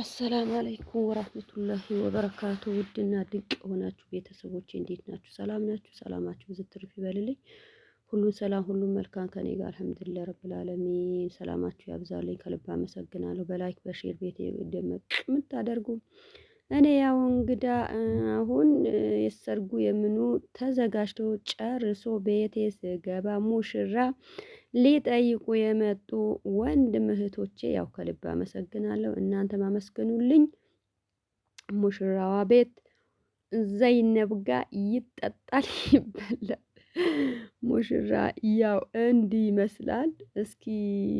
አሰላም አለይኩም ወራህመቱላሂ ወበረካቱ። ውድና ድንቅ የሆናችሁ ቤተሰቦች እንዴት ናችሁ? ሰላም ናችሁ? ሰላማችሁ ብዙ ይበልልኝ። ሁሉን ሰላም፣ ሁሉን መልካም ከኔ ጋር አልሐምዱሊላህ ረብል ዓለሚን። ሰላማችሁ ያብዛልኝ፣ ከልብ አመሰግናለሁ። በላይክ በሼር ቤት ደመቅ የምታደርጉ እኔ ያው እንግዳ አሁን የሰርጉ የምኑ ተዘጋጅቶ ጨርሶ ቤቴ ስገባ ሙሽራ ሊጠይቁ የመጡ ወንድም እህቶቼ ያው ከልብ አመሰግናለሁ። እናንተም አመስግኑልኝ። ሙሽራዋ ቤት ዘይነብ ጋር ይጠጣል ይበላል። ሙሽራ ያው እንዲህ ይመስላል። እስኪ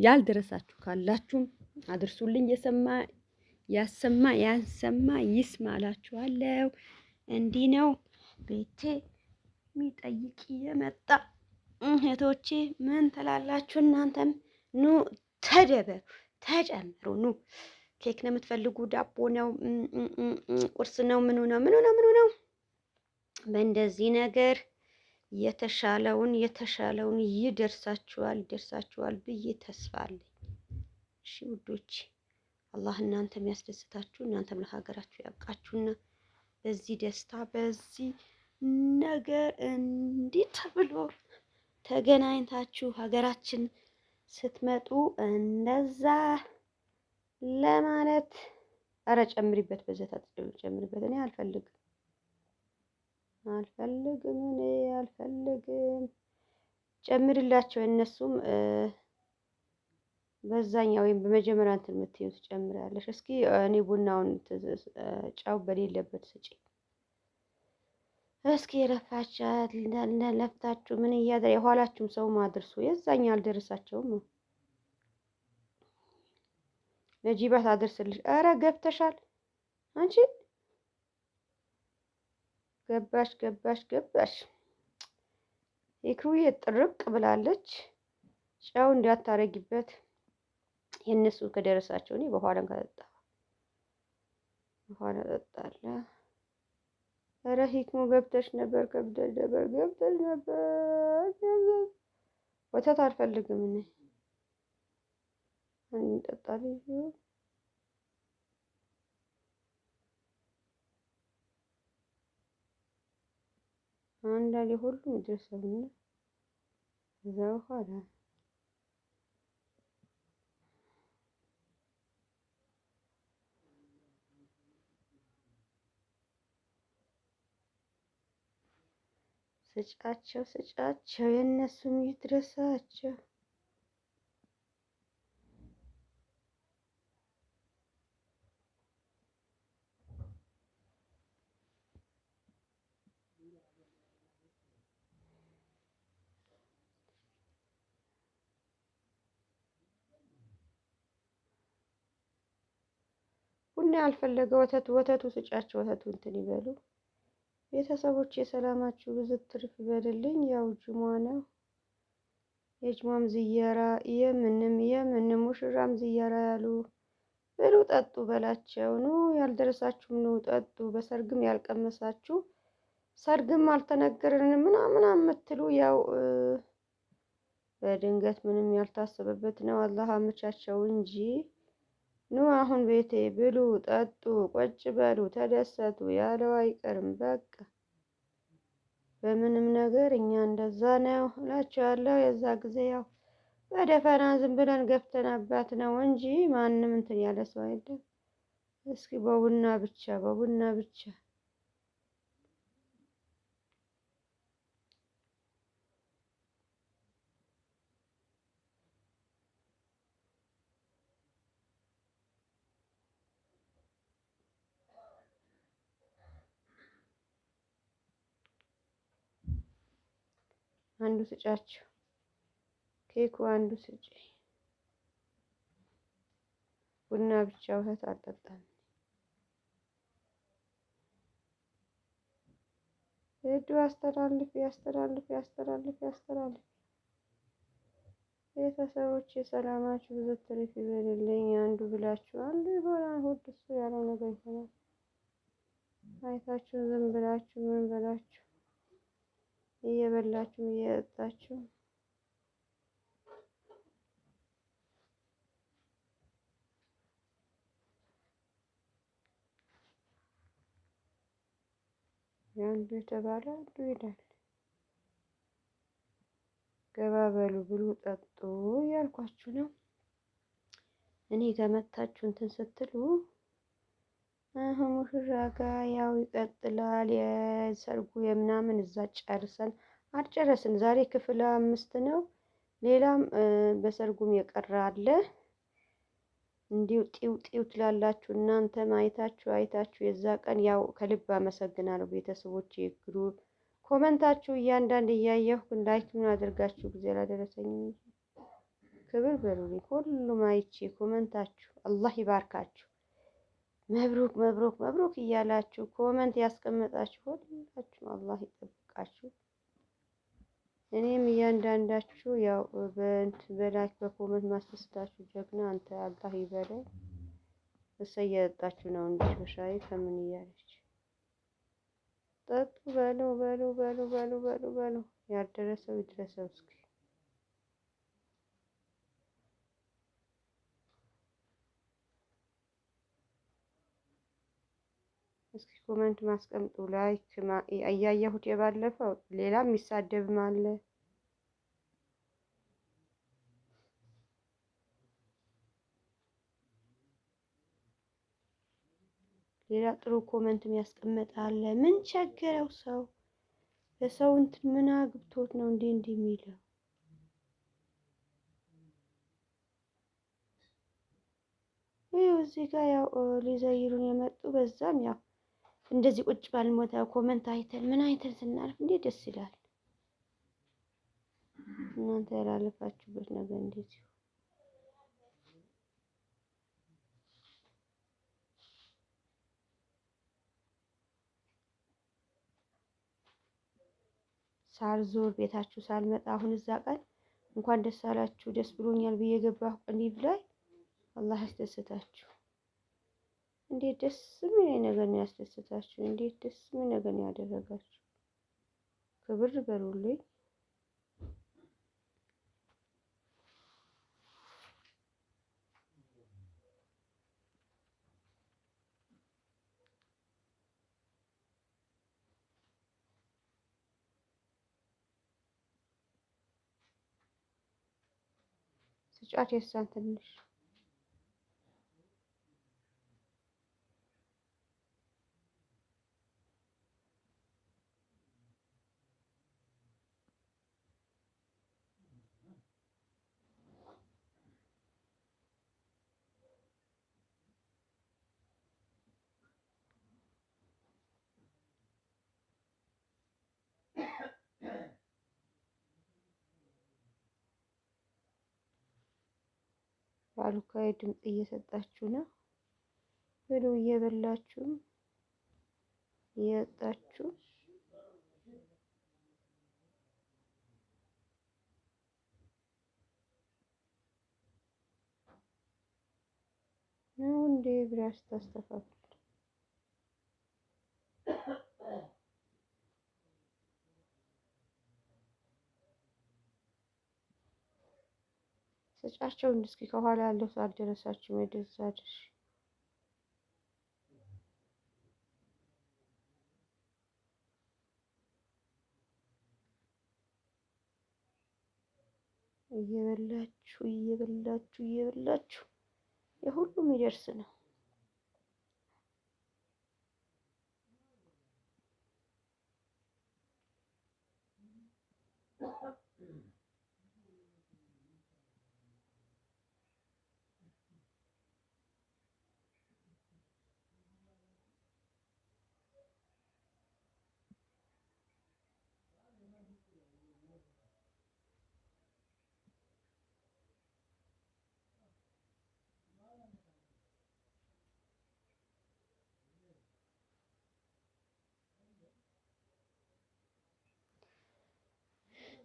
ያልደረሳችሁ ካላችሁ አድርሱልኝ የሰማ ያሰማ ያንሰማ ይስማ እላችኋለሁ። እንዲህ ነው ቤቴ የሚጠይቅ የመጣ እህቶቼ፣ ምን ትላላችሁ? እናንተም ኑ ተደበሩ፣ ተጨምሩ። ኑ ኬክ ነው የምትፈልጉ፣ ዳቦ ነው፣ ቁርስ ነው፣ ምኑ ነው፣ ምኑ ነው፣ ምኑ ነው። በእንደዚህ ነገር የተሻለውን የተሻለውን ይደርሳችኋል፣ ይደርሳችኋል ብዬ ተስፋ አለኝ። እሺ ውዶቼ አላህ እናንተ የሚያስደስታችሁ እናንተም ለሀገራችሁ ያብቃችሁና በዚህ ደስታ በዚህ ነገር እንዲህ ተብሎ ተገናኝታችሁ ሀገራችን ስትመጡ እንደዛ ለማለት ኧረ ጨምሪበት፣ በዘታ ጨምሪበት። እኔ አልፈልግም አልፈልግም እኔ አልፈልግም። ጨምሪላቸው እነሱም በዛኛ ወይም በመጀመሪያ እንትን የምትይው ትጨምሪያለሽ። እስኪ እኔ ቡናውን ጨው በሌለበት ስጪ። እስኪ የለፋቻት ለፍታችሁ ምን እያደረ የኋላችሁም ሰው ማድርሱ የዛኛ አልደረሳቸውም ነው ነጂባት አደርስልሽ። ኧረ ገብተሻል አንቺ ገባሽ ገባሽ ገባሽ። የክሩዬ ጥርቅ ብላለች። ጨው እንዳታረጊበት የእነሱ ከደረሳቸው እኔ በኋላ ከጠጣ በኋላ ጠጣለ። ኧረ ሂክሙ ገብተሽ ነበር፣ ከብደል ነበር፣ ገብተሽ ነበር። ወተት አልፈልግም እኔ እንጠጣል አንዳንዴ ሁሉም ይደርሳል እና እዛ በኋላ ስጫቸው ስጫቸው የእነሱም ይድረሳቸው። ቡና ያልፈለገ ወተቱ ወተቱ ስጫቸው ወተቱ እንትን ይበሉ። ቤተሰቦች የሰላማችሁ ብዝት ትርፍ ይበልልኝ። ያው ጅሟ ነው የጅሟም ዝያራ የምንም የምንም ሙሽራም ዝያራ ያሉ ብሉ ጠጡ በላቸው ኑ ያልደረሳችሁም ኑ ጠጡ። በሰርግም ያልቀመሳችሁ ሰርግም አልተነገረንም ምናምን የምትሉ ያው በድንገት ምንም ያልታሰበበት ነው። አላህ አመቻቸው እንጂ ኑ አሁን ቤቴ ብሉ፣ ጠጡ፣ ቆጭ በሉ፣ ተደሰቱ ያለው አይቀርም። በቃ በምንም ነገር እኛ እንደዛ ነው እላችኋለሁ። የዛ ጊዜ ያው በደፈና ዝም ብለን ገፍተናባት ነው እንጂ ማንም እንትን ያለ ሰው አይደለም። እስኪ በቡና ብቻ በቡና ብቻ አንዱ ስጫቸው ኬኩ አንዱ ስጪ። ቡና ብቻ ወተት አልጠጣም። ሄዱ አስተላልፍ ያስተላልፍ ያስተላልፍ ያስተላልፍ። ቤተሰቦች የሰላማችሁ ብዙ ትርፍ ይበልልኝ። አንዱ ብላችሁ አንዱ ይሆናል። ሁሉ እሱ ያለው ነገር ይሆናል። አይታችሁ ዝም ብላችሁ ምን ብላችሁ እየበላችሁ እየጠጣችሁ አንዱ የተባለ አንዱ ይላል። ገባ በሉ ብሉ ጠጡ እያልኳችሁ ነው። እኔ ከመታችሁ እንትን ስትሉ ሙሽራ ጋር ያው ይቀጥላል የሰርጉ የምናምን እዛ ጨርሰን አልጨረስን። ዛሬ ክፍል አምስት ነው። ሌላም በሰርጉም የቀረ አለ። እንዲሁ ጢው ጢው ትላላችሁ እናንተም አይታችሁ አይታችሁ የዛ ቀን ያው ከልብ አመሰግናለሁ ቤተሰቦች ግሩ ኮመንታችሁ እያንዳንድ እያየሁ ላይክ ምን አድርጋችሁ ጊዜ ላደረሰኝ ክብር በሉ ሁሉም አይቼ ኮመንታችሁ አላህ ይባርካችሁ። መብሩክ መብሩክ መብሩክ እያላችሁ ኮመንት ያስቀመጣችሁ ሁላችሁም አላህ ይጠብቃችሁ። እኔም እያንዳንዳችሁ ያው በእንት በላይክ በኮመንት ማስደስታችሁ ጀግና አንተ አላህ ይበለኝ። እሰ እያጠጣችሁ ነው እንዴ? በሻይ ከምን እያለች ጠጡ። በሉ በሉ በሉ በሉ በሉ በሉ ያልደረሰው ይድረሰው እስኪ እስኪ ኮመንት ማስቀምጡ። ላይክ እያየሁት የባለፈው ሌላ የሚሳደብም አለ። ሌላ ጥሩ ኮመንት የሚያስቀምጥ አለ። ምን ቸገረው ሰው በሰው እንትን ምን አግብቶት ነው እንዲህ እንዲህ የሚለው? ይኸው እዚህ ጋር ያው ሊዘይሩን የመጡ በዛም ያው እንደዚህ ቁጭ ባልሞተ ኮመንት አይተን ምን አይተን ስናልፍ እንዴት ደስ ይላል። እናንተ ያላለፋችሁበት ነገር እንዴት ሳልዞር ቤታችሁ ሳልመጣ አሁን እዛ ቀን እንኳን ደስ አላችሁ ደስ ብሎኛል ብዬ ገባሁ ቀን አላህ ያስደስታችሁ። እንዴት ደስ የሚል ነገር ነው ያስደስታችሁ። እንዴት ደስ የሚል ነገር ነው ያደረጋችሁ! ክብር በሩልኝ። ስጫት የእሷን ትንሽ አሉካይ ድምፅ እየሰጣችሁ ነው። ብሉ እየበላችሁም እየወጣችሁ ነው እንዴ ብላችሁ ታስተካክሉ። ስጫቸው እስኪ ከኋላ ያለው አልደረሳችሁም? የደረሳችሁ እየበላችሁ እየበላችሁ እየበላችሁ የሁሉም ይደርስ ነው።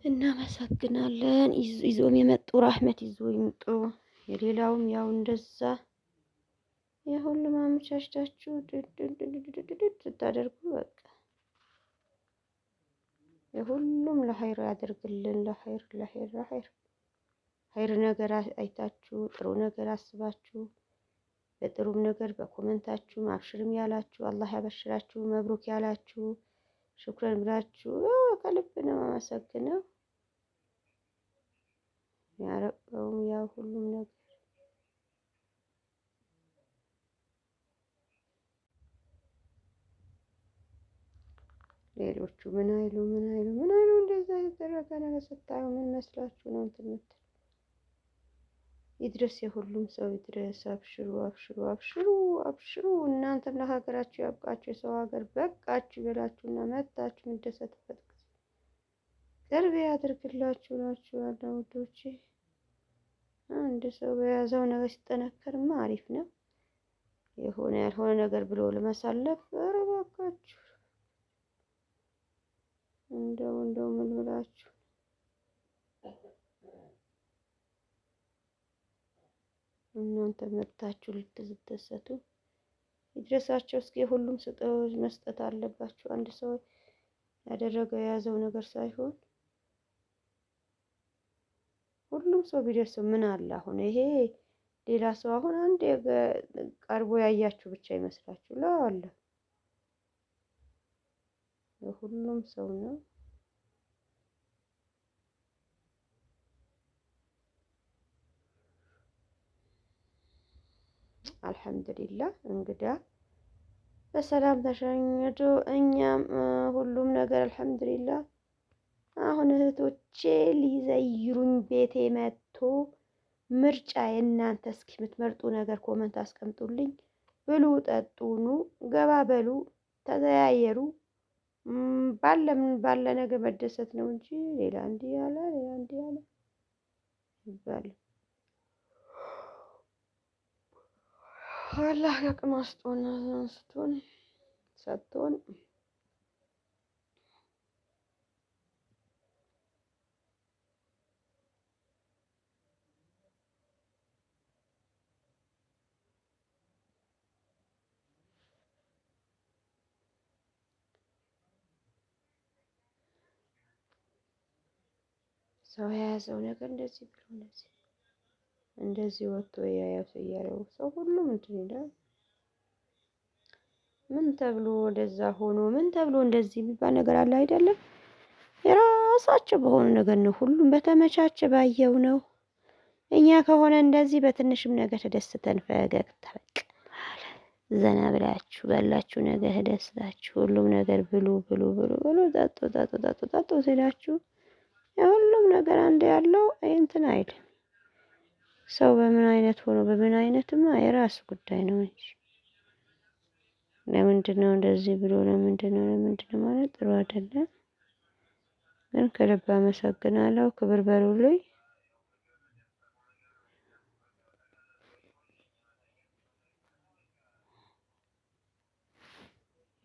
እናመሰግናለን። ይዞም የመጡ ራህመት ይዞ ይምጡ። የሌላውም ያው እንደዛ የሁሉም አመቻችታችሁ ስታደርጉ በቃ የሁሉም ያደርግልን። ለኸይር ነገር አይታችሁ ጥሩ ነገር አስባችሁ በጥሩም ነገር በኮመንታችሁ አብሽርም ያላችሁ አላህ ያበሽራችሁ፣ መብሩክ ያላችሁ፣ ሽኩረን ብላችሁ ከልብ ነው አመሰግነው። ያረቀውም ያ ሁሉም ነገር ሌሎቹ ምን አይሉ ምን አይሉ ምን አይሉ እንደዛ የተደረገ ነገር ስታዩ ምን መስላችሁ ነው እንትን የምትል ይድረስ የሁሉም ሰው ይድረስ። አብሽሩ አብሽሩ አብሽሩ አብሽሩ። እናንተም ለሀገራችሁ ያብቃችሁ። የሰው ሀገር በቃችሁ ይበላችሁና መታችሁ የምደሰትበት ጊዜ ቅርብ ያድርግላችሁ ናችሁ ያለ ውዶቼ። አንድ ሰው በያዘው ነገር ሲጠነከርማ አሪፍ ነው። የሆነ ያልሆነ ነገር ብሎ ለማሳለፍ ኧረ እባካችሁ እንደው እንደው ምን ብላችሁ እናንተ መብታችሁ ልትደሰቱ ይድረሳቸው። እስኪ ሁሉም ስጠው መስጠት አለባችሁ። አንድ ሰው ያደረገው የያዘው ነገር ሳይሆን ሁሉም ሰው ቢደርስ ምን አለ? አሁን ይሄ ሌላ ሰው አሁን አንድ ቀርቦ ያያችሁ ብቻ ይመስላችሁ ላ ሁሉም ሰው ነው። አልሐምዱሊላህ እንግዳ በሰላም ተሸኝቶ እኛም ሁሉም ነገር አልሐምዱሊላህ አሁን እህቶቼ ሊዘይሩኝ ቤቴ መጥቶ ምርጫ የእናንተ እስኪ የምትመርጡ ነገር ኮመንት አስቀምጡልኝ። ብሉ፣ ጠጡ፣ ኑ፣ ገባ በሉ፣ ተዘያየሩ። ባለም ባለ ነገር መደሰት ነው እንጂ ሌላ እንዲህ ያለ ሌላ እንዲህ ያለ ይባል አላህ አቅም አስጦን ሰጥቶን ሰው የያዘው ነገር እንደዚህ ብሎ እንደዚህ እንደዚህ ወጥቶ የያዘ እያለው ሰው ሁሉም እንትን ይላል። ምን ተብሎ ወደዛ ሆኖ ምን ተብሎ እንደዚህ የሚባል ነገር አለ አይደለም። የራሳቸው በሆኑ ነገር ነው። ሁሉም በተመቻቸ ባየው ነው። እኛ ከሆነ እንደዚህ በትንሽም ነገር ተደስተን ፈገግታ በቃ ዘና ብላችሁ ባላችሁ ነገር ተደስታችሁ ሁሉም ነገር ብሉ ብሉ ብሉ ብሉ ጠጡ ጠጡ ጠጡ ጠጡ ሲላችሁ ሁሉም ነገር አንድ ያለው እንትን አይል ሰው በምን አይነት ሆኖ በምን አይነትማ የራስ ጉዳይ ነው እንጂ ለምንድነው እንደዚህ ብሎ ለምንድነው ለምንድነው ማለት ጥሩ አይደለም። ግን ከልብ አመሰግናለሁ። ክብር በሩልኝ።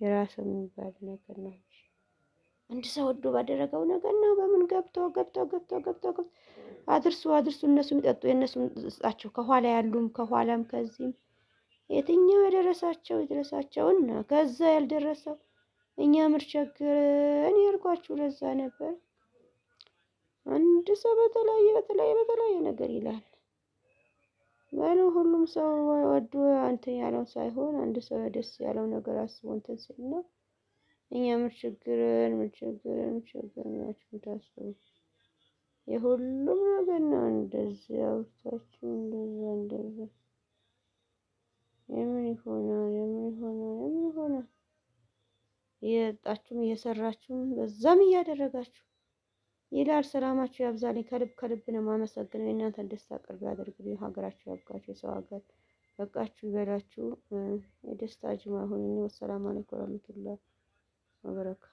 የራስ የሚባል ነገር ነው። አንድ ሰው ወዶ ባደረገው ነገር ነው። በምን ገብቶ ገብቶ ገብቶ ገብቶ ገብቶ አድርሱ አድርሱ፣ እነሱ የሚጠጡ የእነሱ ጻቸው፣ ከኋላ ያሉም ከኋላም ከዚህም የትኛው የደረሳቸው የደረሳቸውና ከዛ ያልደረሰው እኛ ምርቸግር እኔ ያልኳችሁ ለዛ ነበር። አንድ ሰው በተለያየ በተለያየ በተለያየ ነገር ይላል። በሉ ሁሉም ሰው ወዶ አንተ ያለው ሳይሆን አንድ ሰው ደስ ያለው ነገር አስቦ እንትን ሲል ነው። እኛ ምን ችግርን ምን ችግርን ምን ችግርን ናችሁ ታስቡ። የሁሉም ነገር ነው። እንደዚህ አውርታችሁ እንደዛ እንደዛ የምን ይሆናል የምን ይሆናል የምን ይሆናል እየጣችሁም እየሰራችሁም በዛም እያደረጋችሁ ይላል። ሰላማችሁ ያብዛልኝ። ከልብ ከልብ ነው የማመሰግነው። የእናንተን ደስታ ቅርብ ያደርግልኝ። ሀገራችሁ ያብቃችሁ። የሰው ሀገር በቃችሁ ይበላችሁ። የደስታ ጅማ ይሁን። ወሰላም አለይኩም olarak